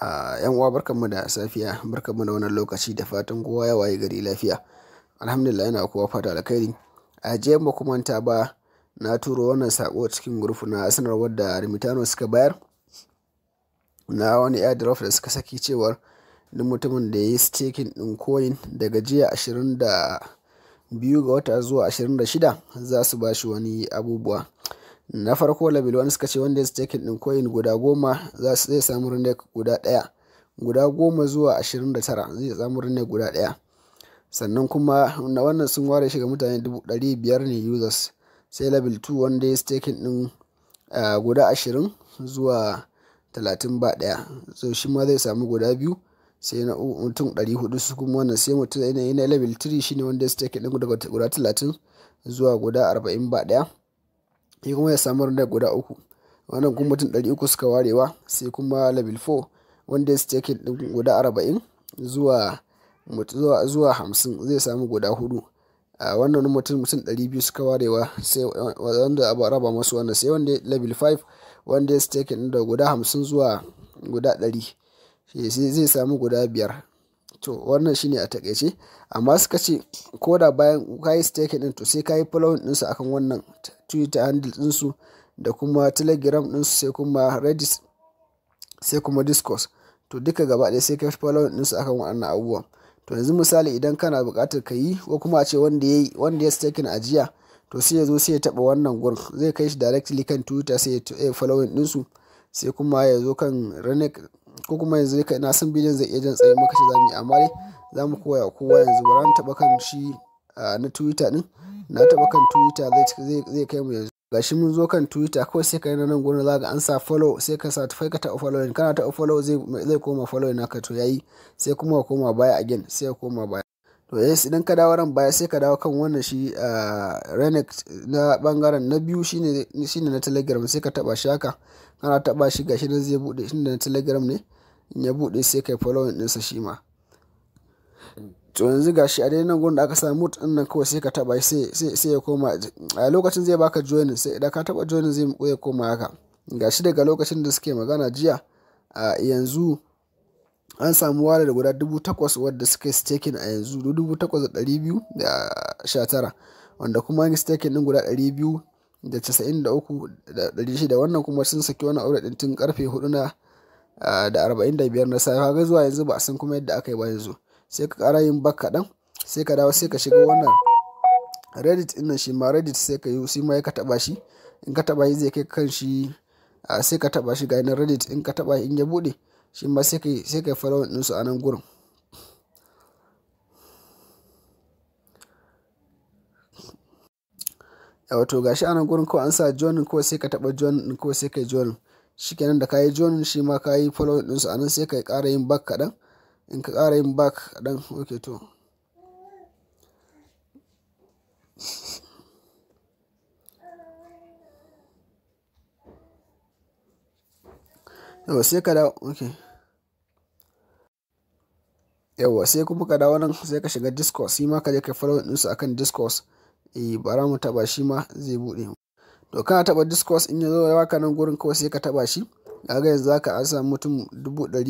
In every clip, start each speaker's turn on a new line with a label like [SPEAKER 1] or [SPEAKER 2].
[SPEAKER 1] a yan uwa barkanmu da safiya barkanmu da wannan lokaci da fatan kowa ya waye gari lafiya alhamdulillah yana kowa fata kai a je ba kuma ta ba na turo wannan sako cikin gurfu na sanarwar da Rimitano suka bayar na wani airdrop da suka saki cewar duk mutumin da ya yi stakin din coin daga jiya 22 ga wata zuwa 26 za su bashi wani abubuwa na farko level 1 suka ce wanda ya staking din coin guda goma zai samu rinde guda daya guda goma zuwa 29 zai samu rinde guda daya sannan kuma na wannan sun ware shiga mutane 500 ne users sai level 2 wanda ya staking din guda 20 zuwa 30 ba daya so shi ma zai samu guda biyu sai na mutum 400 su kuma wannan sai mutum na level 3 shine wanda ya staking din guda 30 zuwa guda 40 ba daya shi kuma ya samu ranar guda uku wannan kuma mutum 300 suka warewa sai kuma level 4 wanda ya stake guda 40 zuwa zuwa zuwa 50 zai samu guda hudu a wannan mutum mutum 200 suka warewa sai wanda a raba masu wannan sai wanda level 5 wanda ya stake da guda 50 zuwa guda 100 zai samu guda biyar to wannan shine a takaice amma suka ce ko da bayan ka yi staking din to sai ka yi following su akan wannan twitter handle din su da kuma telegram din su sai kuma redis sai kuma discourse to duka gaba ɗaya sai ka yi following su akan wannan abubuwan to yanzu misali idan kana bukatar ka yi ko kuma a ce wanda ya yi wanda ya staking ajiya to sai ya zo sai ya taɓa wannan gurin zai kai shi directly kan twitter sai ya eh, following su sai kuma ya zo kan ko kuma yanzu ka ina san bidiyon zai iya jan tsaye maka shi zamu yi amma dai zamu koya kowa yanzu bara mu taba kan shi na Twitter din na taba kan Twitter zai zai kai mu yanzu gashi mun zo kan Twitter kawai sai kai na nan gona zaka an sa follow sai ka sa ka ta follow kana ta follow zai zai koma follow naka to yayi sai kuma ka koma baya again sai ka koma baya to yes idan ka dawo ran baya sai ka dawo kan wannan shi renek na bangaren na biyu shine shine na telegram sai ka taba shaka ana taba shi gashi nan zai buɗe shi da na telegram ne in ya buɗe sai kai following ɗinsa shi ma to yanzu gashi a dai nan gurin da aka samu mut din nan kawai sai ka taɓa shi sai ya koma a lokacin zai baka joining sai idan ka taba joining zai ya koma haka gashi daga lokacin da suke magana jiya a yanzu an samu wale da guda dubu takwas wadda suka yi staking a yanzu dubu takwas da dari biyu da sha tara wanda kuma an yi staking ɗin guda dari biyu da casa'in da uku da ɗari shida wannan kuma sun saki wani aure ɗin tun karfe hudu na da arba'in da biyar na safe ga zuwa yanzu ba a san kuma yadda aka yi ba yanzu sai ka ƙara yin bak kaɗan sai ka dawo sai ka shiga wannan reddit ɗin shi ma reddit sai ka yi shi ma ya ka taɓa shi in ka taɓa shi zai kai kan shi sai ka taɓa shi ga reddit in ka taɓa in ya buɗe shi ma sai ka yi sai ka yi ɗinsu a nan gurin a wato gashi anan gurin kawai an sa john kawai sai ka taba john din kawai sai kai join shikenan da yi john shi ma yi follow din su anan sai kai ƙara yin back kadan in ka ƙara yin back kadan okay to yawa sai ka da okay yawa sai kuma ka dawo nan sai ka shiga discourse shi ma ka je ka follow din su akan discourse eh bara mu taba shi ma zai buɗe to kana taba discourse in ya zo ya waka nan gurin kawai sai ka taba shi kaga yanzu zaka an samu mutum dubu eh,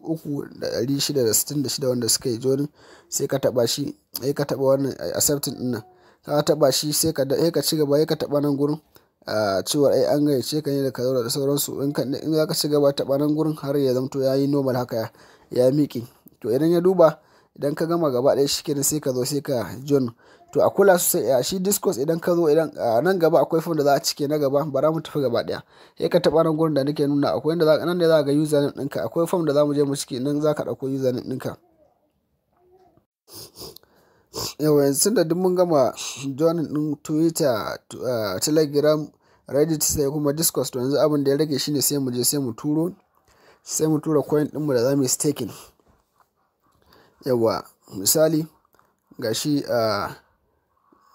[SPEAKER 1] uku da shida da sittin da shida wanda suka yi jorin sai ka taba shi sai ka taba wannan eh, accepting din nan ka taba shi sai ka sai ka cigaba sai ka taba nan gurin a ah, cewar ai an gayyace ka ne da zaura da sauransu in ka in zaka ci gaba taba nan gurin har ya zamto yayi normal haka ya miƙe to idan ya duba idan ka gama gaba ɗaya shikenan sai ka zo sai ka join to a kula sosai shi discourse idan ka zo idan nan gaba akwai fom da za a cike na gaba bara mu tafi gaba daya sai ka taba nan gurin da nake nuna akwai inda za nan ne za ga username ɗinka akwai fom da za mu je mu cike nan za ka ɗauko username ɗinka yawa yanzu da duk mun gama joinin ɗin twitter telegram reddit sai kuma discos to yanzu abin da ya rage shine sai mu je sai mu turo sai mu tura coin ɗinmu da za mu yi staking yawa misali gashi a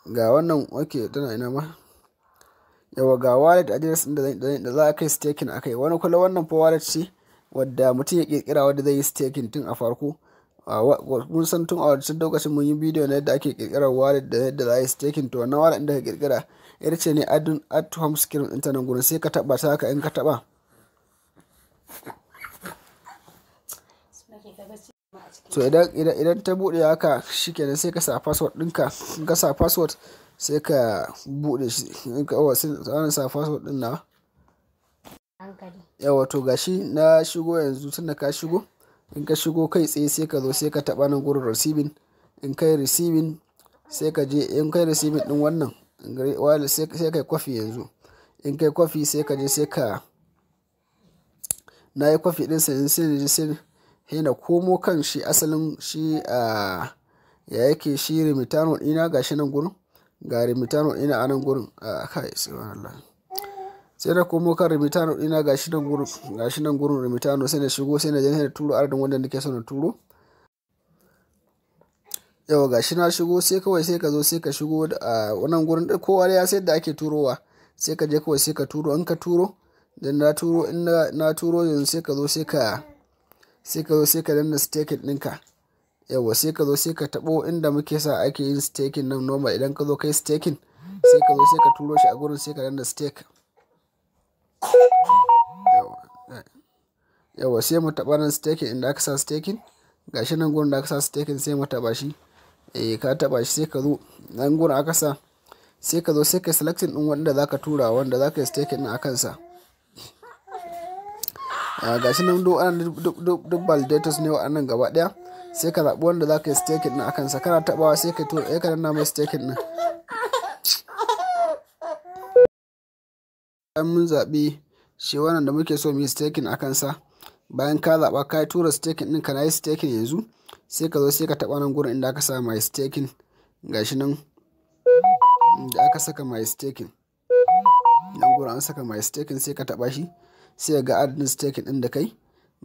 [SPEAKER 1] ga wannan wake tana ina ma yawa ga wallet address da za a kai staking a kai wani kula wannan fa wallet ce wadda mutum ya kirkira wadda zai yi staking tun a farko mun san tun a wancan lokacin mun yi bidiyo na yadda ake kirkira wallet da yadda za a yi staking to wannan wallet da ka kirkira ita ce ne add to home screen ɗin ta nan gurin sai ka taba ta ka in ka taba to idan idan idan ta bude haka shikenan sai ka sa password dinka in ka sa password sai ka bude shi in ka wasu oh, tsarin sa password din na yawa to gashi na shigo yanzu tunda ka shigo in ka shigo kai tsaye sai ka zo sai ka taba nan gurin receiving in kai receiving sai ka je in kai receiving din wannan wallet sai kai kwafi yanzu in kai kwafi sai ka je sai ka na yi kwafi din sai sai hina komo kan shi asalin shi a ya yake shi remitano ɗina ga shi nan gurin ga remitano ɗina a nan gurin a kai subhanallah sai na komo kan remitano ɗina ga shi nan gurin ga shi nan gurin remitano sai na shigo sai na je na turo ardin wanda nake so na turo yau ga shi na shigo sai kawai sai ka zo sai ka shigo a wannan gurin kowa ya sai da ake turowa sai ka je kawai sai ka turo in ka turo dan na turo in na turo yanzu sai ka zo sai ka sai ka zo sai ka danna staking ɗinka yawa sai ka zo sai ka taɓo inda muke sa ake yin staking nan noma idan ka zo kai staking sai ka zo sai ka turo shi a gurin sai ka danna stake yawa sai mu taɓa nan staking inda aka sa staking gashi nan gurin da aka sa staking sai mu taɓa shi eh ka taɓa shi sai ka zo nan gurin aka sa sai ka zo sai ka selecting ɗin wanda zaka tura wanda zaka yi staking ɗin a kansa Ah, ga shi nan duk wannan duk validators ne waɗannan gaba ɗaya sai ka zaɓi wanda za ka yi staking ɗin akan sa kana taɓawa sai ka tura eh, ka danna mai staking ɗin bayan mun zaɓi shi wannan da muke so mu yi staking akan sa bayan ka zaɓa ka tura staking ɗin ka na yi staking yanzu sai ka zo sai ka taɓa nan gurin inda aka sa mai staking gashi nan da aka saka mai staking nan gurin an saka mai staking sai ka taɓa shi sai ga adadin staking ɗin da kai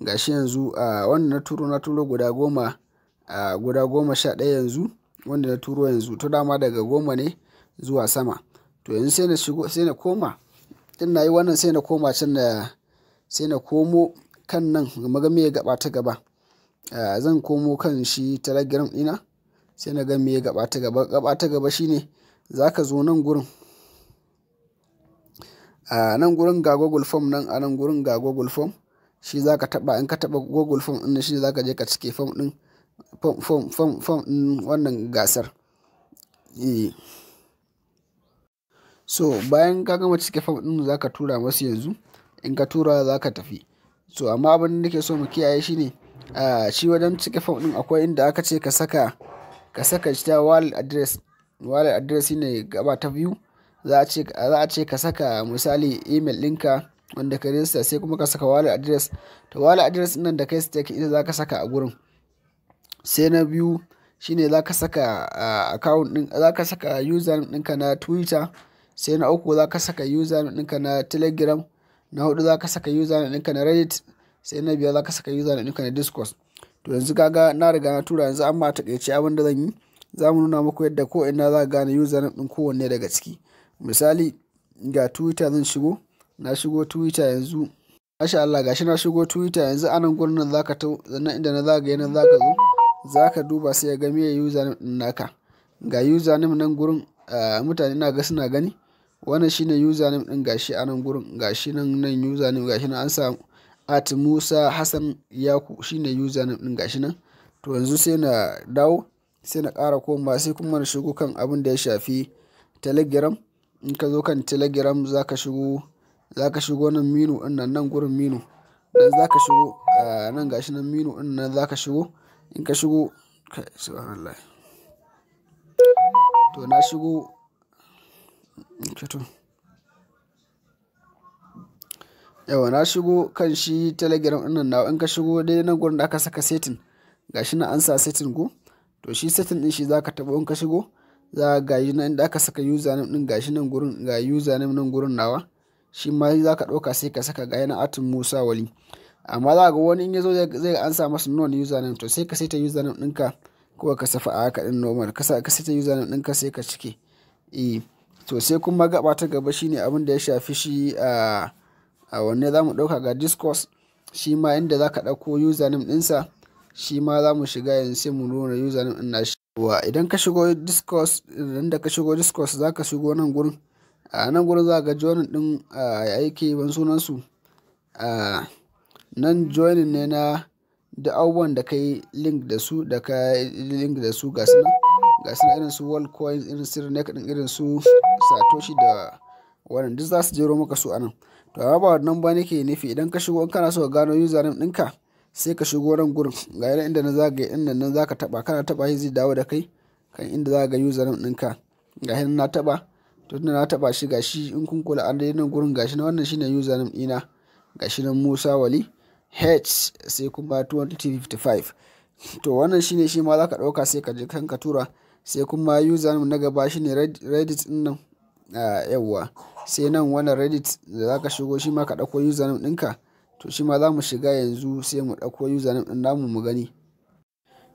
[SPEAKER 1] gashi yanzu a wannan na turo na turo guda goma a guda goma sha ɗaya yanzu wanda na turo yanzu to dama daga goma ne zuwa sama to yanzu sai na shigo sai na koma tun na yi wannan sai na koma can na sai na komo kan nan maga me ya gaba ta gaba zan komo kan shi telegram ɗina sai na ga me ya gaba ta gaba gaba ta gaba shine zaka zo nan gurin a nan gurin ga google form nan a nan gurin ga google form shi za ka taba in ka taba google form din shi za ka je ka cike form din form form form din wannan gasar eh. so bayan ka gama cike form din za ka tura masu yanzu in ka tura za ka tafi so amma abin da ke so mu kiyaye ne a shi wajen cike form din akwai inda aka ce ka saka ka saka shi ta wallet address wallet address ne gaba ta biyu za a ce ka saka misali email ɗinka wanda ka rinsa sai kuma ka saka wallet address to wallet address nan da kai stake ita za ka saka a gurin sai na biyu shine za ka saka ah, account ɗin za ka saka user ɗinka na twitter sai na uku za ka saka user ɗinka na telegram na hudu za ka saka user ɗinka na reddit sai na biyar za ka saka user ɗinka na discourse to yanzu kaga na riga na tura yanzu amma takaice abin da zan yi za mu nuna muku yadda ko ina za ka gane user ɗin kowanne daga ciki misali ga twitter zan shigo na shigo twitter yanzu masha Allah gashi na shigo twitter yanzu anan gurin nan zaka tau sannan inda na zagaye nan zaka zo zaka duba sai ya ga me username din naka ga username nan gurin ah, mutane na ga suna gani wannan shine username din gashi anan gurin gashi nan nan username gashi nan an samu at Musa Hassan Yaku shine username din gashi nan to yanzu sai na dawo sai na ƙara koma sai kuma na shigo kan abin da ya shafi telegram in ka zo kan telegram za ka shigo za ka shigo nan minu ina nan nan gurin minu nan za ka shigo eh, nan gashi nan minu ina nan za ka shigo in ka shigo kai subhanallah to na shigo to yawa na shigo kan shi telegram ɗin nan in ka shigo dai nan gurin da aka saka setting gashi na an sa setting go to shi setting ɗin shi za ka taɓa in ka shigo za ga gaji nan inda aka saka username din gashi nan gurin ga username nan gurin nawa shi ma za ka ɗauka sai ka saka gaya na atin musa wali amma za ga wani in ya zo zai an sa masa non username to sai ka saita username ɗinka ko ka safa a haka ɗin normal ka saita username ɗinka sai ka cike eh to sai kuma gaba ta gaba shine abin da ya shafi shi a a wanne za mu ɗauka ga discourse shi ma inda za ka ɗauko username ɗinsa shi ma za mu shiga yanzu sai mu nuna username ɗin nashi wa idan ka shigo discourse idan da ka shigo discourse za ka shigo nan gurin a nan gurin za ga joinin din ya aiki ban sunan su a nan joinin ne na da abubuwan da ka yi link da su da ka link da su ga su ga su irin su world coins irin su neck din irin su satoshi da wannan duk za su jero maka su anan to amma ba wannan ba nake nufi idan ka shigo in kana so ka gano username ɗinka sai ka shigo ran gurin ga yana inda na zagaye inda nan zaka taba kana taba shi zai dawo da kai kan inda za ga username ɗinka ga yana na taba to tunda na taba shi ga shi in kun kula an dai nan gurin gashi na wannan shine username ɗina gashi nan Musa Wali H sai kuma 2055 to wannan shine shi ma zaka dauka sai ka je kan ka tura sai kuma username na gaba shine Reddit din nan ah, yawwa sai nan wannan Reddit da zaka shigo shi ma ka dauko username ɗinka to shi ma za mu shiga yanzu sai mu ɗauko username ɗin namu mu gani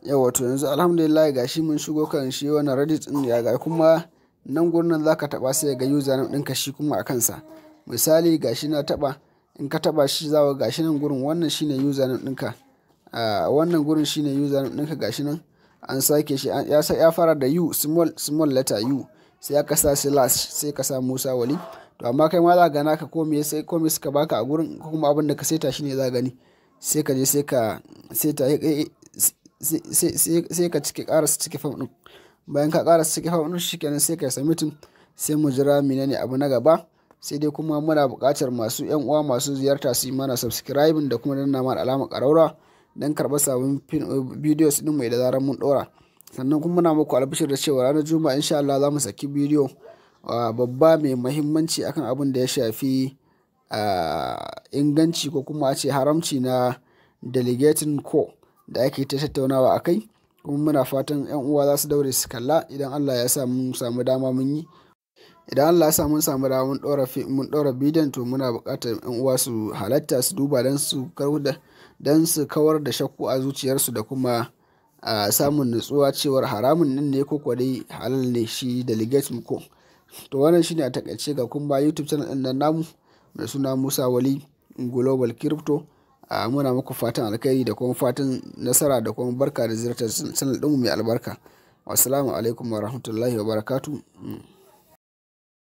[SPEAKER 1] yawa to yanzu alhamdulillah ga shi mun shigo kan shi wannan reddit ɗin ya ga kuma nan gurin za ka taɓa sai ga username ɗinka shi kuma a kansa misali ga shi na taɓa in ka taɓa shi za ga shi nan gurin wannan shine username ɗinka wannan gurin shine username ka ga shi nan an sake shi ya fara da u small small letter u sai aka sa slash sai ka sa musa wali to amma kai ma za gana ka ko sai ko me suka baka a gurin ko kuma abin da ka saita shine za gani sai ka je sai ka saita eh, eh, sai ka cike karasa cike fam din bayan ka karasa cike fam din shikenan sai ka submitin sai mu jira menene abu na gaba sai dai kuma muna buƙatar masu yan uwa masu ziyarta su yi mana subscribing da kuma danna mana alamar ƙaraura don karɓar sabon bidiyos eh, din mai da zarar mun ɗora sannan kuma muna muku albishir da cewa ranar juma'a insha Allah za mu saki bidiyo babba mai mahimmanci akan abin da ya shafi inganci ko kuma a ce haramci na delegating ko da ake ta tattaunawa a kai kuma muna fatan 'yan uwa za su daure su kalla idan allah ya sa samu dama mun yi idan Allah ya sa mun samu mun ɗora bidiyon to muna buƙatar yan uwa su halatta su duba don su don su kawar da shakku a zuciyarsu da kuma samun nutsuwa cewar haramun nan ne ko kwadai halal ne shi delegate ko to wannan shine a takaice ga kuma ba youtube channel din nan namu mai suna musa wali global crypto a muna muku fatan alkhairi da kuma fatan nasara da kuma barka da ziyartar channel mu mai albarka assalamu alaikum wa rahmatullahi wa barakatu mm.